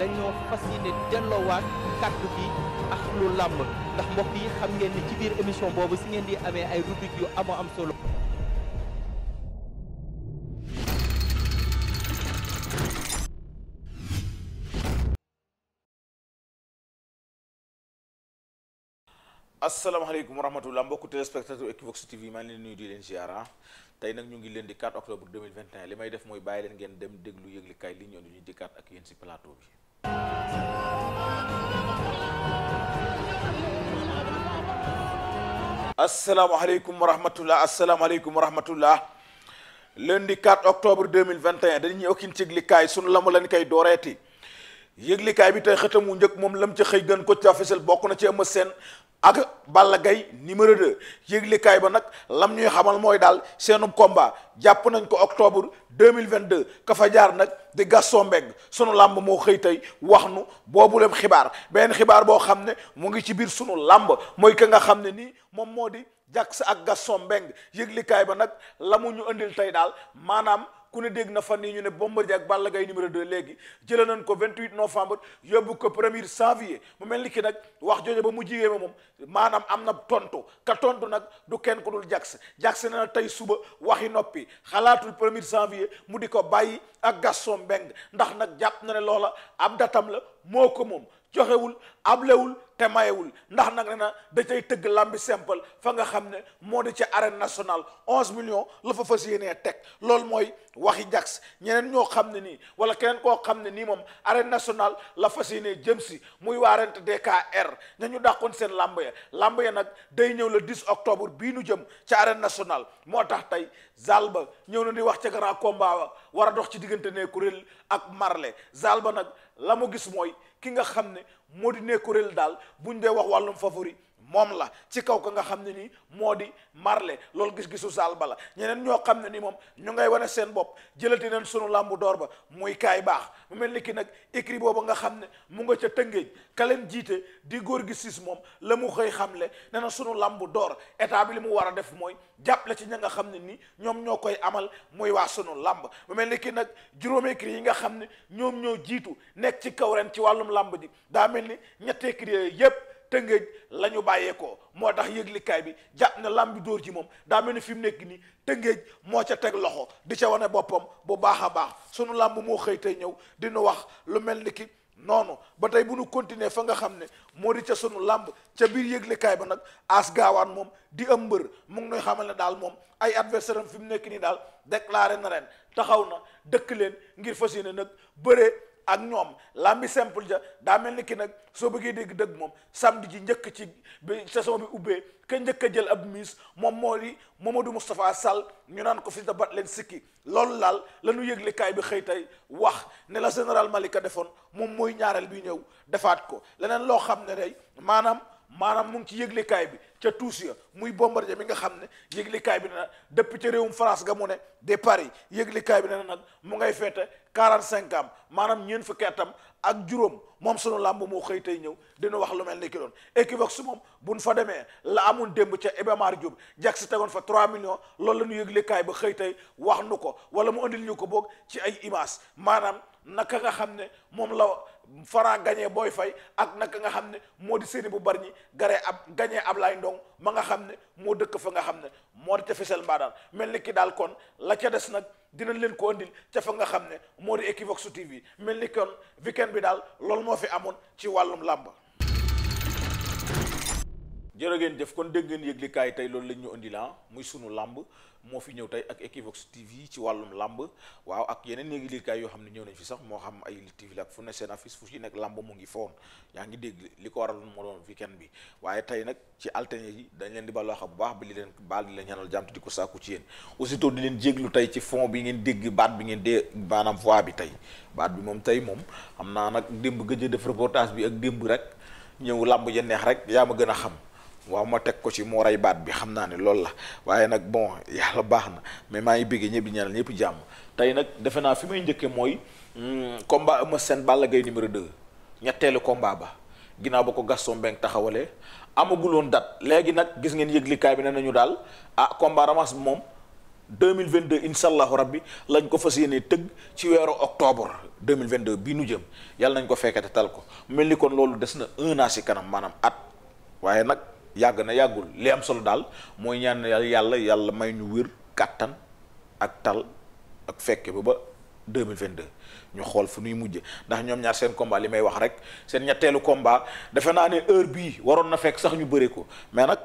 dañoo fas yéene delloowaat kàddu bi ak lu làmb ndax mbokk yi xam ngeen ni ci biir émission boobu si ngeen di amee ay rubrique yu amoo am solo. asalaamaaleykum wa rahmatulah mbokku téléspectateur Equivox TV maa ngi leen nuyu di leen ziara tey nag ñu ngi leen di 4 octobre 2021 li may def mooy bàyyi leen ngeen dem déglu yëglikaay li ñu indi ñu dikkaat ak yéen si plateau bi. asalaamaaleykum wa rahmatullah asalaamaaleykum wa rahmatullah lundi 4 octobre 2021 dañu ñëw ak ci yëglikaay la lamu lañ koy dooreeti yëglikaay bi tey xëtamu njëkk moom lam ci xëy gën ko ca fësal bokk na ci Eumeu Sène ak Balla Gaye numéro de yëglekaay ba nag lam ñuy xamal mooy daal seenu combat jàpp nañ ko octobre mille 2022 ka fa jaar nag di Gaston mbeng sunu làmb moo xëy tey wax nu boobu boobuleem xibaar benn xibaar boo xam ne mu ngi ci biir sunu làmb mooy ka nga xam ne nii moom moo di Jax ak Gaston Mbengue yëglekaay ba nag la mu ñu indil tey daal maanaam ku ne dégg na fan yii ñu ne Bombardier ak Balla Gaye numéro 2 léegi jëlee nañ ko 28 novembre yóbbu ko premier janvier mu mel ni ki nag wax jooju ba mu jigee ma moom maanaam am na tontu ka tontu nag du kenn ku dul Jax Jax nee na tey suba waxi noppi xalaatul premier janvier mu di ko bàyyi ak Gaston Mbengue ndax nag jàpp na ne loola am datam la moo ko moom joxewul ablewul te mayewul ndax nag ne na da cay tëgg làmbi simple fa nga xam ne moo di ci arène nationale onze millions la fa fas yéenee teg loolu mooy waxi jax ñeneen ñoo xam ne nii wala keneen koo xam ne nii moom arène national la fas yéenee jëm si muy waarante DKR ña ñu dàqoon seen làmb ya làmb ya nag day ñëw le 10 octobre bii nu jëm ca arène nationale moo tax tey ba ñëw na di wax ca grand combat wa war a dox ci diggante ne kuréel ak Marley Zalba nag la mu gis mooy ki nga xam ne moo di nekk kuréel daal buñ dee wax wàllum favori moom la ci kaw ka nga xam ne nii moo di marle loolu gis-gisu saal ba la ñeneen ñoo xam ne ni moom ñoo ngay wane seen bopp jëlati nañ sunu làmbu door ba muy kaay baax mu mel ni kii nag écrit booba nga xam ne mu nga ca tëngéej ka jiite di góor gi siis moom la mu xëy xamle ne na sunu làmbu door état bi li mu war a def mooy jàppale ci ña nga xam ne nii ñoom ñoo koy amal muy waa sunu làmb mu mel ni ki nag juróomi yi nga xam ne ñoom ñoo jiitu nekk ci kaw ci wàllum làmb ji daa mel ni ñett écrit yooyu yépp tëngéej la ñu bàyyeekoo moo tax yëglikaay bi jàpp na làmb dóor ji moom daa mel ni fi mu nekk nii tëngéej moo ca teg loxo di ca wane boppam bu baax a baax sunu làmb moo xëy tey ñëw dina wax lu mel ni ki noonu ba tey bu nu continuer fa nga xam ne moo di ca sunu làmb ca biir yëglekaay ba nag as gaawaan moom di am mbër mu ngi noy xamal ne daal moom ay adversaire am fi mu nekk nii daal déclaré na ren taxaw na dëkk leen ngir fas yéene nag bëree ak ñoom lambi simple ja daa mel ni ki nag soo bëggee dégg dëgg moom samedi ji njëkk ci bi saison bi ubbee ka njëkk a jël ab miis moom moo di Mamadou Moustapha Sall ñu naan ko fi da bat leen sikki loolu laal la ñu yëgle kaay bi xëy tey wax ne la général Malika defoon moom mooy ñaareel bi ñëw defaat ko leneen loo xam ne day maanaam maanaam mu ngi ci yëglikaay bi ca tuus ya muy Bombardier mi nga xam ne yëglikaay bi ne nag depuis ca réewum France ga mu ne de Paris yëglikaay bi ne na nag mu ngay feete quarante cinq am maanaam ñeent fukki atam ak juróom moom sunu làmb moo xëy tey ñëw dina wax lu mel ni ki doon Equivox su moom buñ fa demee la amoon démb ca Iba Mar Diop jag si tegoon fa 3 millions loolu la ñu yëglekaay ba xëy tey wax nu ko wala mu andil ñu ko boog ci ay image maanaam naka nga xam ne moom la faraa gañee booy fay ak naka nga xam ne moo di séeni bu bari ñi garee ab ab Ablaye Ndong ma nga xam ne moo dëkk fa nga xam ne moo di tefesel mbaa daan mel ni ki daal kon la ca des nag dinañ leen ko andil ca fa nga xam ne moo di Equivox TV mel ni kon weekend bi daal loolu moo fi amoon ci wàllum làmb jërë ngeen jëf kon dégg ngeen yëglikaay tey loolu lañ ñu indi la muy sunu làmb moo fi ñëw tey ak Equivox TV ci wàllum làmb waaw ak yeneen yëglikaay yoo xam ne ñëw nañ fi sax moo xam ay li TV la ak fu ne seen affiche fu ci nekk làmb mu ngi foon yaa ngi dégg li ko waral moo doon weekend bi waaye tey nag ci altine yi dañ leen di baal wax bu baax bi li leen baal di leen ñaanal jàmm di ko sàkku ci yéen aussitôt di leen jéglu tey ci fon bi ngeen dégg baat bi ngeen dee maanaam voix bi tey baat bi moom tey moom xam naa nag démb gëj def reportage bi ak démb rek ñëw làmb ja neex rek yaa ma gën a xam waaw ma teg ko ci moo rey baat bi xam naa ne loolu la waaye nag bon yàlla baax na mais maa ngi bëggee ñëpp ñaanal ñëpp jàmm tey nag defe naa fi may njëkkee mooy hmm, combat Eumeu Sène Balla Gaye numéro de ñetteelu combat ba ginnaaw ba ko Gaston Mbengue taxawalee amaguloon dat léegi nag gis ngeen yëglikaay bi ne nañu daal ah combat ramas bi moom 2022 incha allahu rabbi lañ ko fas yéene tëgg ci weeru octobre 2022 bii nu jëm yàlla nañ ko fekkete tal ko mel ni kon loolu des na un si kanam maanaam at waaye nag. yàgg na yàggul li am solo daal mooy ñaan yàlla yàlla may ñu wér kàttan ak tal ak fekke ba ba 2022 ñu xool fu ñuy mujje ndax ñoom ñaar seen combat li may wax rek seen ñetteelu combat defe naa ne heure bii waroon na fekk sax ñu bëre ko mais nag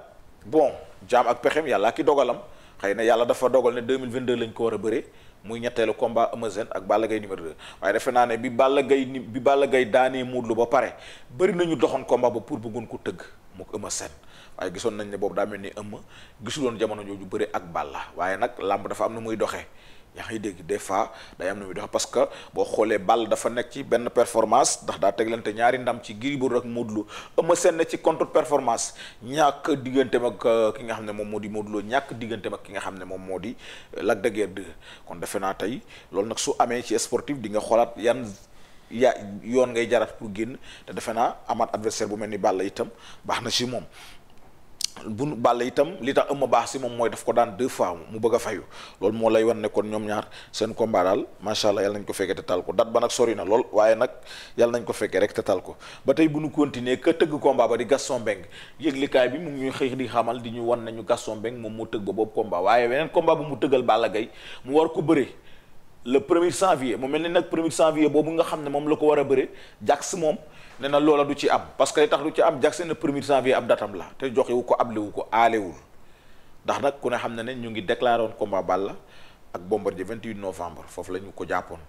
bon jaam ak pexem yàlla ki dogalam xëy na yàlla dafa dogal ne 2022 lañ ko war a bëree muy ñetteelu combat Eumeu Sène ak Balla Gaye numéro 2 waaye defe naa ne bi Balla Gaye bi Balla Gaye daanee Modou ba pare bëri nañu doxoon combat ba pour bëggoon ko tëgg mook Eumeu Sène waaye gisoon nañ ne boobu daa mel ni ëmm gisuloon jamono jooju bëri ak Balla waaye nag làmb dafa am na muy doxee yaa ngi dégg des fois day am na muy doxee parce que boo xoolee Balla dafa nekk ci benn performance ndax daa teglante ñaari ndam ci Gris Bordeaux ak Modou Lô ëmm seen ci contre performance euh, ñàkk digganteem ak ki nga xam ne moom moo di Modou Lô ñàkk diggante mag ki nga xam ne moom moo di Lac de Guiers kon defe naa tey loolu nag su amee ci sportif di nga xoolaat yan. ya yoon ngay jaraat pour génn te defe naa amaat adversaire bu mel ni Balla itam baax na ci moom bu bàll itam li tax ëmma baax si moom mooy daf ko daan deux fois mu bëgg a fayu loolu moo lay wan ne kon ñoom ñaar seen combat daal macha allah yàlla nañ ko fekkee te tal ko dat ba nag sori na lool waaye nag yàlla nañ ko fekkee rek te tal ko ba tey bu ñu continuer ka tëgg combat ba di Gaston Mbengue yëglikaay bi mu ngi ñuy xëy di xamal di ñu wan nañu Gaston Mbengue moom mu tëgg ba boobu combat waaye beneen combat bu mu tëggal Balla Gaye mu war ko bëree le premier janvier mu mel ni nag premier janvier boobu nga xam ne moom la ko war a bëre Jax moom ne na loola du ci am parce que tax du ci am Jax ne premier janvier ab datam la te joxewu ko ablewu ko aalewul ndax nag ku ne xam ne ne ñu ngi déclaré woon combat Balla ak Bombardier 28 novembre foofu la ñu ko jàppoon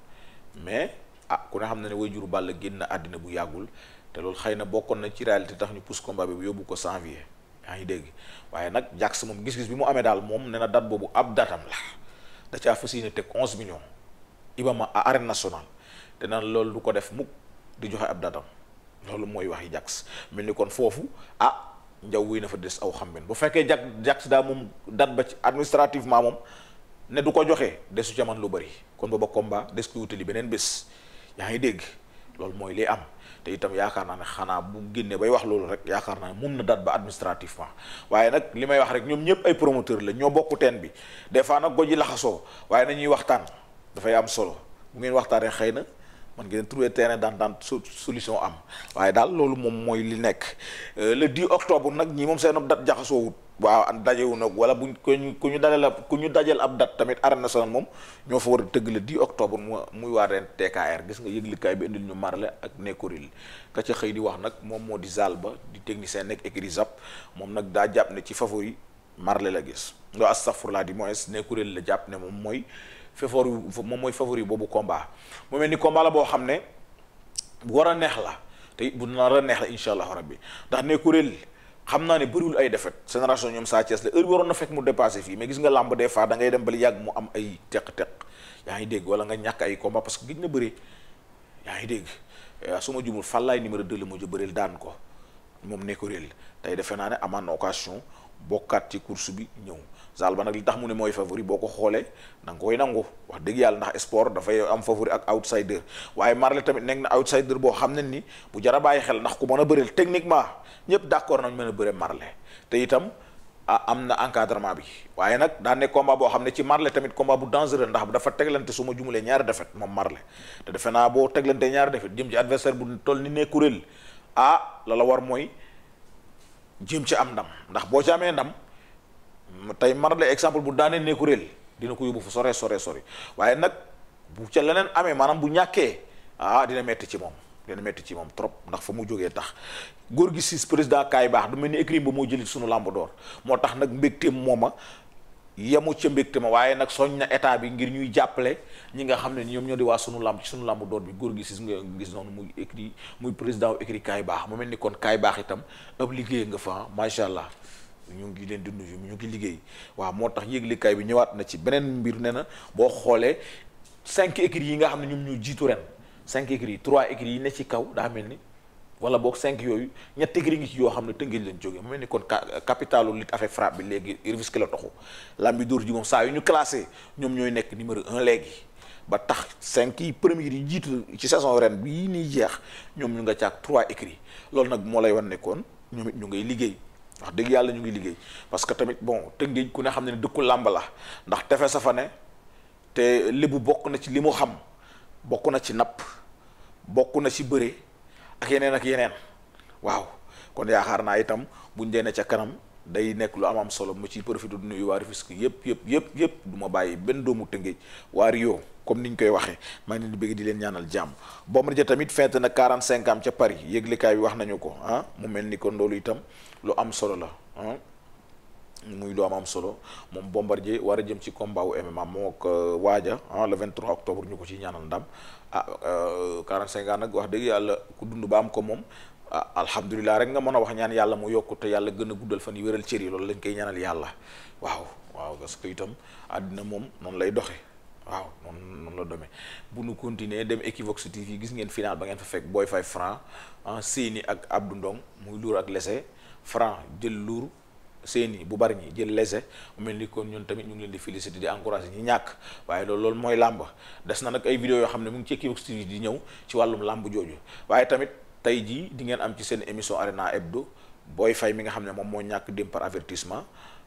mais ah ku ne xam ne ne waajur Balla génn na àddina bu yàggul te loolu xëy na bokkoon na ci réalité tax ñu pousse combat bi yóbbu ko janvier yaa ngi dégg waaye nag Jax moom gis bi mu amee daal moom ne na date boobu ab datam la da caa fas yéene teg 11 Ibama a arène nationale te naan loolu du ko def mukk di joxe ab datam loolu mooy wax yi Jax mel ni kon foofu ah njaw wi na fa des aw xam bu fekkee Jax Jax daa moom dat ba ci administrativement moom ne du ko joxe desu ca lu bëri kon booba combat des ko wutali beneen bés yaa ngi dégg loolu mooy liy am te itam yaakaar naa ne xanaa bu génnee bay wax loolu rek naa ne mun na dat ba administrativement waaye nag li may wax rek ñoom ñëpp ay promoteur la ñoo bokku teen bi des fois nag goj yi laxasoo waaye nañuy waxtaan dafay am solo bu ngeen waxtaanee xëy na man ngeen trouver terrain d'entente solution am waaye daal loolu moom mooy li nekk euh, le 10 octobre nag ñi moom seen date jaxasoowut waaw dajewu nag wala buñ ku ñu dajal ku ñu dajal ab date tamit arène nationale moom ñoo fa war a tëgg le 10 octobre mu muy waa ren TKR gis nga yëglikaay bi indil ñu marle ak nekkoril ka ca xëy di wax nag moom moo di zal ba di technicien nekk écrit moom nag daa jàpp ne ci favori marle la gis nga astafurlaa di moins nekkoril la jàpp ne moom mooy favori moom mooy favori boobu combat mu mel ni combat la boo xam ne bu war a neex la te bu nar a neex la incha allah rabbi ndax ne kuréel xam naa ne bëriwul ay defet génération ñoom Sa Thiès la heure bi waroon na fekk mu dépassé fii mais gis nga làmb de fois da dem bali yàgg mu am ay teq-teq yaa ngi dégg wala nga ñàkk ay combat parce que gis na bëri yaa ngi dégg su ma jumul Fallaye numéro 2 la mujj bëril daan ko. moom ne ko réel tey defe naa ne amaan na occasion bokkaat ci course bi ñëw ba nag li tax mu ne mooy favori boo ko xoolee na nga koy nangu wax dëgg yàlla ndax sport dafay am favori ak outsider waaye Marley tamit nekk na outsider boo xam ne ni bu jar bàyyi xel ndax ku mën a bëreel techniquement ñëpp d'accord nañ mën a bëre Marley te itam ah am na encadrement bi waaye nag daa nekk combat boo xam ne ci Marley tamit combat bu dangereux ndax dafa teglante su ma jumulee ñaari défaite moom Marley te defe naa boo teglante ñaari défaite jëm ci adversaire bu toll ni nekkuréel ah la la war mooy jéem ci am ndam ndax boo ci amee ndam tey man la exemple bu daanee nekku réel dina ko yóbbu fu sore sore sore waaye nag bu ca leneen amee maanaam bu ñàkkee ah dina metti ci moom dina metti ci moom trop ndax fa mu jógee tax góor gi siis président kaay baax du mel ni écrit ba moo jëlit sunu làmb door moo tax nag mbégteem mooma yemu ca mbégte ma waaye nag soñ na état bi ngir ñuy jàppale ñi nga xam ne ñoom ñoo di waa sunu làmb ci sunu làmb doot bi góor gi si nga gis noonu muy écrit muy président wu écrit kaay baax mu mel ni kon kaay baax itam ab liggéey nga fa macha allah ñu ngi leen di nuyu ñu ngi liggéey waaw moo tax yëglikaay bi ñëwaat na ci beneen mbir ne na boo xoolee cinq écrits yi nga xam ne ñoom ñu jiitu ren cinq écrits yi trois écrits yi ne ci kaw daa mel ni. wala boog cinq yooyu ñett gi ngi ci yoo xam ne tëngéej lañ jógee mu mel ni kon capitalu lutte avec frappe bi léegi Rufisque la toxu lambi dóor ji saa yu ñu classé ñoom ñooy nekk numéro un léegi ba tax cinq yi premier yi jiitu ci saison ren bii nii jeex ñoom ñu nga caag trois écrits loolu nag moo lay wan nekkoon ñoom it ñu ngay liggéey wax dëgg yàlla ñu ngi liggéey parce que tamit bon tëngéej ku ne xam ne ne dëkku làmb la ndax tefe sa fa ne te lébu bokk na ci li xam bokk na ci napp bokk na ci bëre ak yeneen ak yeneen waaw kon yaakaar naa itam buñ dee ne ca kanam day nekk lu am am solo mu ci profité du nuyu waa Rufisque yëpp yëpp yëpp yëpp du ma bàyyi benn doomu Tëngéej waa Rio comme niñ koy waxee man ngi ñu di di leen ñaanal jàmm Bombardier tamit fent na 45 am ca Paris yëglekaay bi wax nañu ko ah mu mel ni ko loolu itam lu am solo la ah. muy lu am am solo moom Bombardier war a jëm ci combat wu MMA moo ko euh, waaja ah le 23 octobre ñu ko ci ñaanal ndam ah 45 euh, ans nag wax dëgg yàlla ku dund ba am ko moom ah alhamdulilah rek nga mën a wax ñaan yàlla mu yokkute yàlla gën a guddal fan yi wéral cër yi loolu lañ koy ñaanal yàlla waaw waaw parce que itam àddina moom noonu lay doxe waaw noonu noonu la dome bu nu continuer dem Equivox TV gis ngeen final ba ngeen fa fekk Boy Faye Franc ah ak Abdou muy luur ak lese Franc jël luur seeni bu bari ñi jël lese mu mel ni kon ñun tamit ñu ngi leen di féliciter di encourager ñi ñàkk waaye loolu loolu mooy làmb des na nag ay vidéo yoo xam ne mu ngi ci Equivox TV di ñëw ci wàllum làmb jooju waaye tamit tey jii di ngeen am ci seen émission Arena Hebdo Boy Faye mi nga xam ne moom moo ñàkk dem par avertissement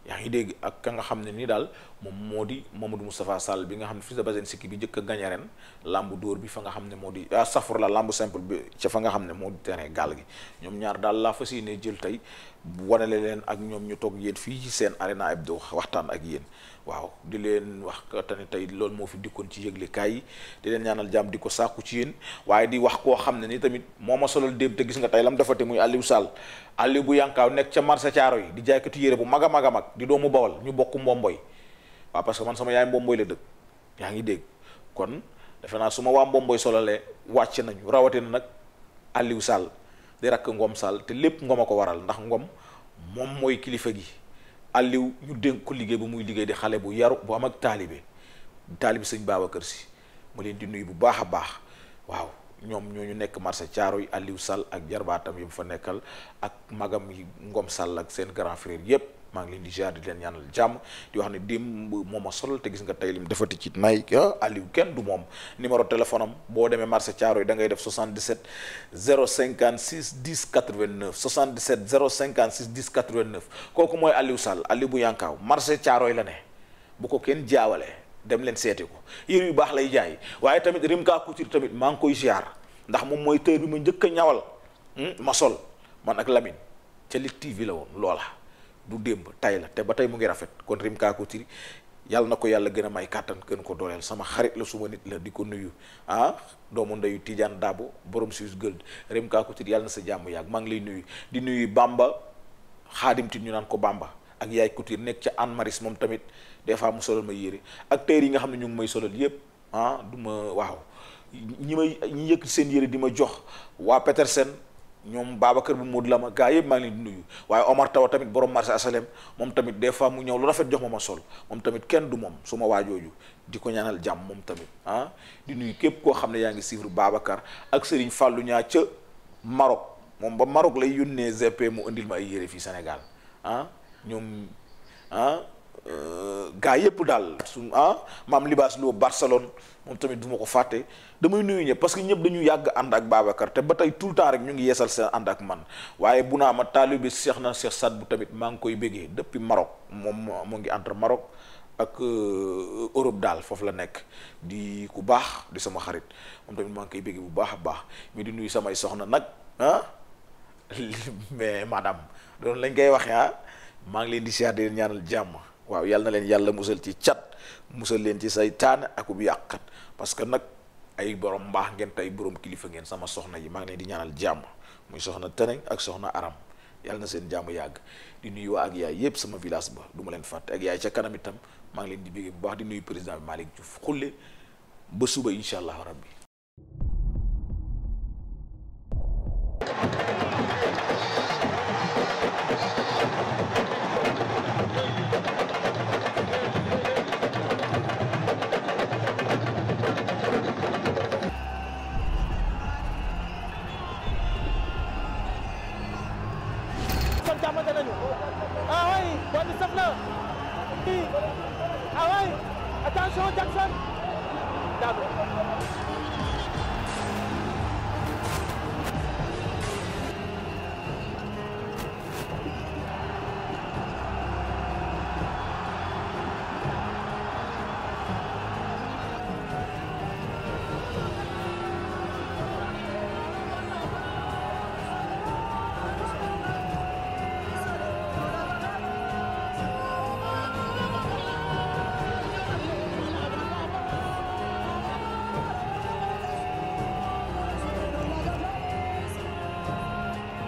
yaa ngi dégg ak ka nga xam ne nii daal moom moo di Mamadou Moustapha Sall bi nga xam ne fils de Bazen Sikki bi njëkk a gagné ren lambu dóor bi fa nga xam ne moo di ah safur la lambu simple bi ca fa nga xam ne moo di terrain gàll gi ñoom ñaar daal laa fas yéene jël tey wanale leen ak ñoom ñu toog yéen fii ci seen arena hebdo waxtaan ak yéen waaw di leen wax tane tey loolu moo fi dikkoon ci yëglekaay yi di leen ñaanal jàmm di ko sàkku ci yéen waaye di wax koo xam ne ni tamit moo ma solal démb te gis nga tey lam dafa te muy Aliou Sall Aliou bu yankaaw nekk ca marché caaro yi di jaaykatu yére bu mag a mag a mag di doomu bawal ñu bokk mbomboy waaw parce que man sama yaay mbomboy la dëkk yaa ngi dégg kon defe naa su ma waa mbomboy solalee wàcc nañu rawatina nag Aliou Sall di rakk ngoom Sall te lépp Ngom a ko waral ndax Ngom moom mooy kilifa gi Aliou ñu dénk ko liggéey ba muy liggéey di xale bu yaru bu am ak taalibe taalibe sëñ kër Si ma leen di nuyu bu baax a baax waaw ñoom ñoo ñu nekk caaro yi Aliou Sall ak jarbaatam yi bu fa nekkal ak magam yi Ngom Sall ak seen grand frère yépp maa ngi leen di ziar di leen ñaanal jàmm di wax ne démb moo ma solal te gis nga tey lim defati ci nay ah, Aliou kenn du moom numéro téléphone am boo demee marché Thiaroye da ngay def 77 056 10 89 77 056 10 89 kooku mooy Aliou Sall Aliou bu Yankaaw marché Thiaroye la ne bu ko kenn jaawalee dem leen seeti ko yére yu baax lay jaay waaye tamit Rimka Couture tamit maa ngi koy ziar ndax moom mooy tër bi ma njëkk a ñawal hmm, ma man ak Lamine ca Lutte TV la woon loola. du démb tay la te ba tey mu ngi rafet kon rim kaaku tiri yàlla na ko yàlla gën a may kàttan gën ko dooleel sama xarit la suma nit la di ko nuyu ah doomu ndeyu Tidiane Dabo borom Suisse Gold rim kaaku tiri yàlla na sa jàmm yàgg maa ngi lay nuyu di nuyu bàmba xaadim tit ñu naan ko bàmba ak yaay Couture nekk ca Anne Maris moom tamit des fois mu solal ma yére acteurs yi nga xam ne ñu ngi may solal yépp ah du ma waaw ñi may ñi yëkk seen yére di ma jox waa Petersen ñoom Babacar bu Modou Lama gaa yëpp maa ngi leen di nuyu waaye Omar Tawa tamit borom marché asalem moom tamit des fois mu ñëw lu rafet jox ma ma sol moom tamit kenn du moom su ma waajooju di ko ñaanal jàmm moom tamit ah di nuyu képp koo xam ne yaa ngi suivre Babacar ak Serigne Fallou ñaa ca Maroc moom ba Maroc lay yónnee GP mu indil ma ay yére fii senegal ah ñoom ah. Euh, gaa yëpp daal suñ ah maam libaas loo Barcelone moom tamit duma ko fàtte damay nuyu ñëpp parce que ñëpp dañu yàgg ànd ak Babacar te ba tey tout le temps rek ñu ngi yeesal seen ànd ak man waaye bu naa ma taalibe Cheikh na Cheikh Saad bu tamit maa ngi koy béggee depuis Maroc moom moo ngi entre Maroc ak euh, Europe daal foofu la nekk di ku baax di sama xarit moom tamit maa ngi koy béggee bu baax a baax mais di nuyu samay soxna nag ah mais madame doon lañ koy waxee ah maa ngi leen di siyaar di ñaanal jàmm waaw yal na leen yàlla musal ci cat musal leen ci saytaan ak ub yàqat parce que nag ay borom mbaax ngeen tey borom kilifa ngeen sama soxna yi maa ngi leen di ñaanal jàmm muy soxna Teneng ak soxna Aram yàlla na seen jàmm yàgg di nuyu waa ak yaay yëpp sama village ba duma leen fàtte ak yaay ca kanam itam maa ngi leen di bégee bu baax di nuyu président bi Malick Diouf xulle ba suba incha allah rabbi jàmmante nañu ah oui bon sëf la ah oui attention Jackson daanu